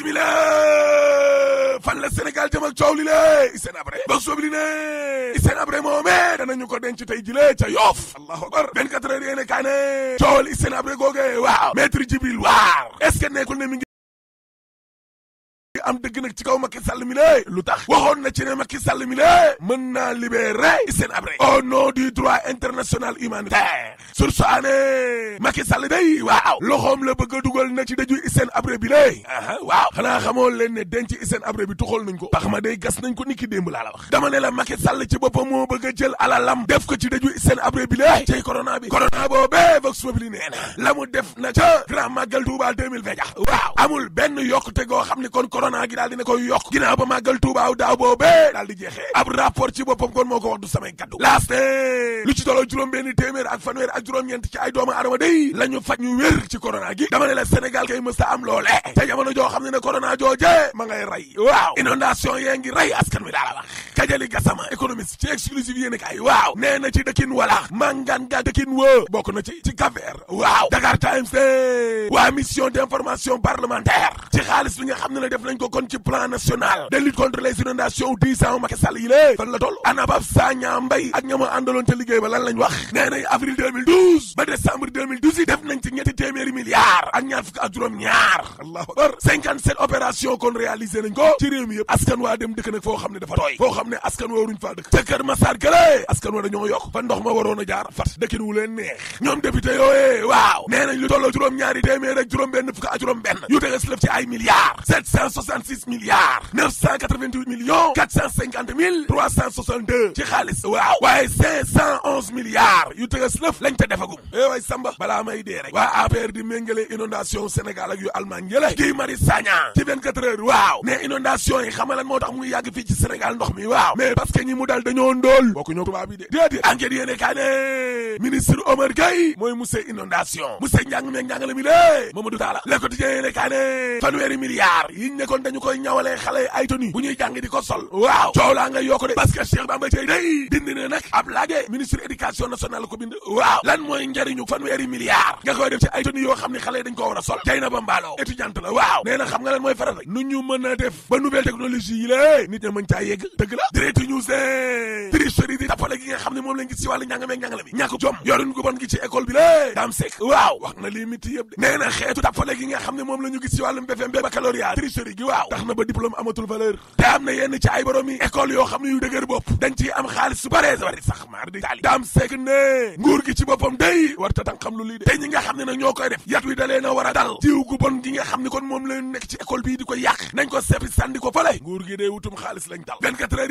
bismillah fan la Sénégal jëm ak coow li lée Hissène Habré ba soob li ne Hissène Habré moome danañu ko denc tey jile ca Yoff allahu akbar 24 heures yéene kaa ne coowal Hissène Habré googe waaw maître Djibril War est-ce que nekkul ne mi ngi bëgg am dëgg nag ci kaw Macky Sall mi lé lu tax waxoon na ci ne Macky Sall mi lé mën naa libérer Hissène Habré au nom du droit international humanitaire sur ce année Macky Sall day waaw loxoom la bëgg a dugal na ci dëju Hissène Habré bi lé aha waaw xanaa xamoo leen ne denc Hissène Habré bi tuxal nañ ko pax ma day gas nañ ko niki démb laa la wax dama ne la Macky Sall ci boppam moo bëgg a jël alalam def ko ci dëju Hissène Habré bi lé cay corona bi corona boobee na la mu def na ca Grand Magal Touba 2020 corona daal dina ko yokk ginnaaw ba màggal tuubaaw daaw boobee daal di jeexee ab rapport ci boppam kon moo ko wax du samay kaddu laaste lu ci tolloo juróom benn téeméer ak fanweer ak juróom-ñeent ci ay doomu adama day la ñu faj ñu wér ci corona gi dama la Sénégal kay mës ta am loole te jamono joo xam ne ne corona jooje ma ngay rey waaw inondation yee ngi rey askan mi daala wax Kajali Gassama économiste ci exclusive yéen kaay waaw nee ci dëkkin wala mangaan ga dëkkin woo bokk na ci ci Cap-Vert waaw Dakar Times waa mission d'information parlementaire ci xaalis bi xam ne def nañ ko kon ci plan national de lutte contre les inondations dix ans Macky Sall yi lée fan la toll Anabab Sagna Mbaye ak ñama àndaloon ca liggéey ba lan lañ wax nee nañ avril 2012 ba décembre 2012 yi def nañ ci ñetti téeméeri milliards ak ñaar fukk xam ne dafa xam ne askan waruñ faa dëkk ca Kër Massar gële askan wa dañoo yokk fa ndox ma waroon a jaar fat dëkkin wu leen neex ñoom député yooyee waaw nee nañ lu tolloo juróom-ñaari téeméer ak juróom-benn fukk ak juróom-benn yu teges lëf ci ay milliards 766 milliards 988 millions 450 mille 362 ci xaalis waaw waaye 511 milliards yu teges lëf lañ te defagum eh waay Samba balaa may dee rek waa APR di méngale inondation Sénégal ak yu Allemagne yële kii Mari Sagna ci 24 heures waaw ne inondation yi xamalan moo tax mu ngi yàgg fii ci Sénégal ndox mi waaw mais parce que ñi mu dal dañoo ndóol bokku ñoo tubaab yi de déedéet enquête yéene kaa ministre Omar Gueye mooy monsieur inondation monsieur njàng meeg njàngale mi lée Mamadou Talla Le Quotidien yéene kaa ne fanweeri milliards yiñ nekkoon dañu koy ñawalee xale ay toni bu ñuy jàng di ko sol waaw coow laa ngay yokku de parce que Cheikh Bamba Dièye day dindi na nag ab laaje ministre éducation nationale ko bind waaw lan mooy njariñu fanweeri milliards nga koy def ci ay yoo xam ne xale dañ ko na direct news de tricherie di tappale gi nga xam ne moom lañ gis ci wàllu njàng meeg bi ñàkk jom yorin gu bon gi ci école bi la daam sek waaw wax na lii miti yëpp de nee xeetu tappale gi nga xam ne moom la ñu gis ci wàllum BFM ba baccalauréat tricherie gi waaw tax na ba diplôme amatul valeur te am na yenn ci ay borom yi école yoo xam ne yu dëgër bopp dañ ciy am xaalis su bare bari sax maar di taali daam sek ne a dal jiw gu bon gi nga xam ne kon moom lañ nekk ci école bii di ko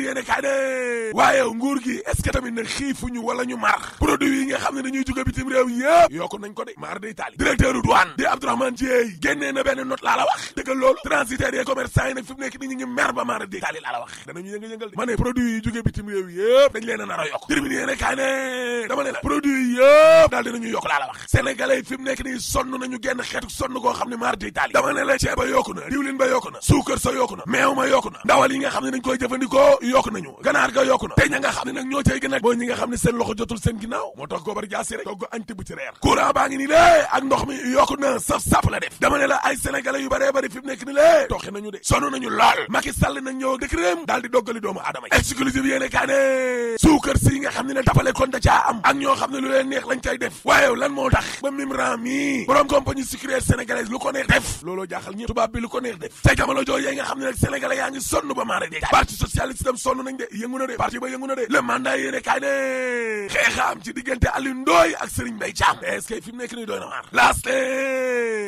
l'Observateur yéene kaay ne waaye nguur gi est-ce que tamit na xiifuñu ñu mar produit yi nga xam ne dañuy jóge bitim réew yëpp yokku nañ ko de mar day taali directeur douane di Abdourahmane Dieye génnee na benn note laa wax dëggal loolu transitaires yi commerçant yi nag fi mer ba mar day taali laa la wax danañu yënga-yëngal de ma ne produit yi jóge bitim réew yëpp dañ leen a nar a yokk terminé yéene kaay ne dama ne la produit yi yëpp daal genn xeetu sonn koo xam ne mar day taali dama yokk nañu ganaar ga yokk na te ña nga xam ne nag ñoo cay gën a moo tax la def yu baree bari fi mu nekk ni lée toxi nañu de da caa am ak ñoo xam ne lu leen neex lañ cay def waaye lan moo tax ba Mimran mi borom compagnie sucrière sénégalaise lu ko neex def looloo jaaxal ñi tubaab bi lu ko neex def te jamono jooju yi nga xam ne nag yaa ngi sonn ba maara dee parti socialiste sonn nañ de yëngu na de parti ba yëngu na de le mandat yéene kaay ne xeexaam ci diggante Aliou Ndoye ak Serigne Mbaye Thiam est-ce que fi mu nekk nii doy na waar laast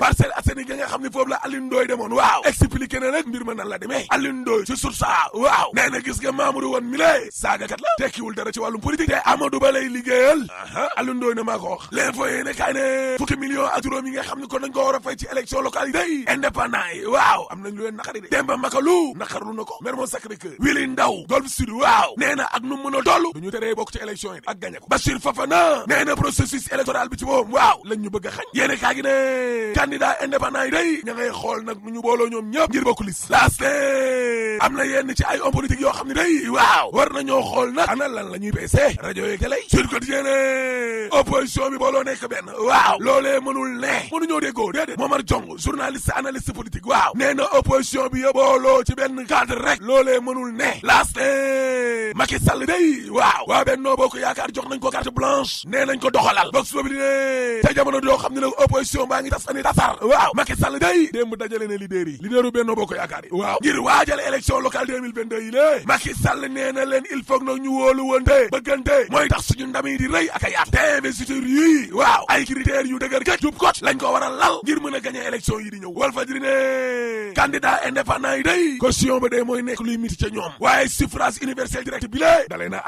Parcelles Assainies gi nga la Ndoye waaw na mbir ma nan la Ndoye ci waaw gis nga Mamadou la dara ci politique te Amadou Ndoye na wax ne ne fukki million ak nga kon ko fay ci élection locale yi day indépendant yi waaw am nañ lu leen de Demba Makalu Sacré-Cœur Ndaw Golf Sud waaw ak nu duñu ci élection yi ak gagné ko Fafana processus électoral bi ci waaw lañ ñu bëgg xañ candidat indépendant yi day ña xool nag nu ñu booloo ñoom ñëpp ngir bokk liste laaste am na yenn ci ay homme politique yoo xam ne day waaw war na ñoo xool na ana lan la ñuy peese rajo yeeg télé Sud Quotidien opposition bi booloo nekk benn waaw loolee mënul ne mënuñoo déggoo déedéet Momar Diong journaliste analyste politique waaw nee na opposition bi yëpp booloo ci benn cadre rek loolee mënul ne laaste Macky Sall day waaw waa Benno Bokk Yaakaar jox nañ ko carte blanche nee nañ ko doxalal box boobu di ne te jamono joo xam ne nag opposition baa ngi tas ani tas Sall waaw Macky Sall day démb dajale na leader yi leaderu Benno Bokk Yaakaar yi waaw ngir waajale élection locale 2022 yi lée Macky Sall nee na leen il faut que ñu wóolu wante bëggante mooy tax suñu ndam yi di rëy ak a yaat te investiture yii waaw ay critères yu dëgër kët jub koc lañ ko war a lal ngir mën a gagné élection yi di ñëw Walf Fadjri ne candidat indépendant yi day caution ba day mooy nekk luy miti ca ñoom waaye suffrage universel direct bi lée dalee na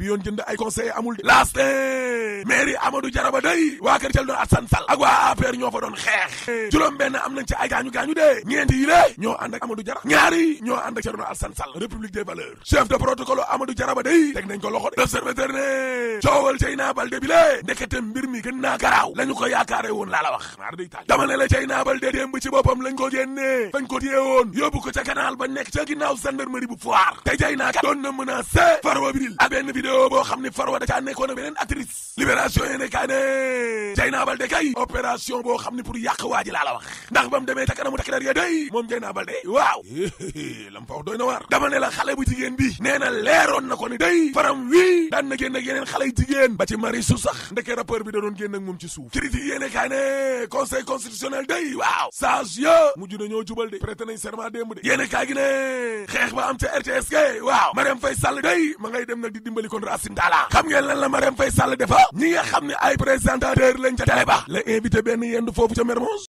yoon jënd ay conseillers amul de last eh, mairie Amadou Jaraba day waa kër Thierno Alassane ñoo fa doon xeex juróom benn am nañ ca ay gaañu gaañu dee ñeenti yi lée ñoo ànd ak Amadou Jara ñaari ñoo ànd ak Thierno Alassane Sall République des valeurs chef de protocole Amadou Jara ba day teg nañ ko loxo de l'Observateur ne coowal Dieyna Baldé bi lée ndekete mbir mi gën naa garaaw lañu ko yaakaare woon laa la wax naar day taal dama ne la Dieyna Baldé démb ci boppam lañ ko génnee fañ ko téye woon yóbbu ko ca canal ba nekk ca ginnaaw gendarmerie bu Foire te Dieyna kat nekkoon ak beneen actrice libération yéene kaa ne Dieyna opération boo xam ne pour yàq waa ji laa la wax ndax ba mu demee ca kanamu takk der ya day moom Dieyna Baldé waaw lam fa doy na waar dama ne la xale bu jigéen bi nee na leeroon na ko ni day faram wii daan na génn yeneen xale yu jigéen ba ci mari su sax ndeke rappeur bi da doon génn ak moom ci suuf critique yéene kaay ne conseil constitutionnel day waaw sage yo mujj nañoo jubal de prêté nañ serment démb de yéene kaay gi ne xeex ba am ca RTS waaw Mariam Faye Sall day di dimbali kon Racine Talla xam ngeen lan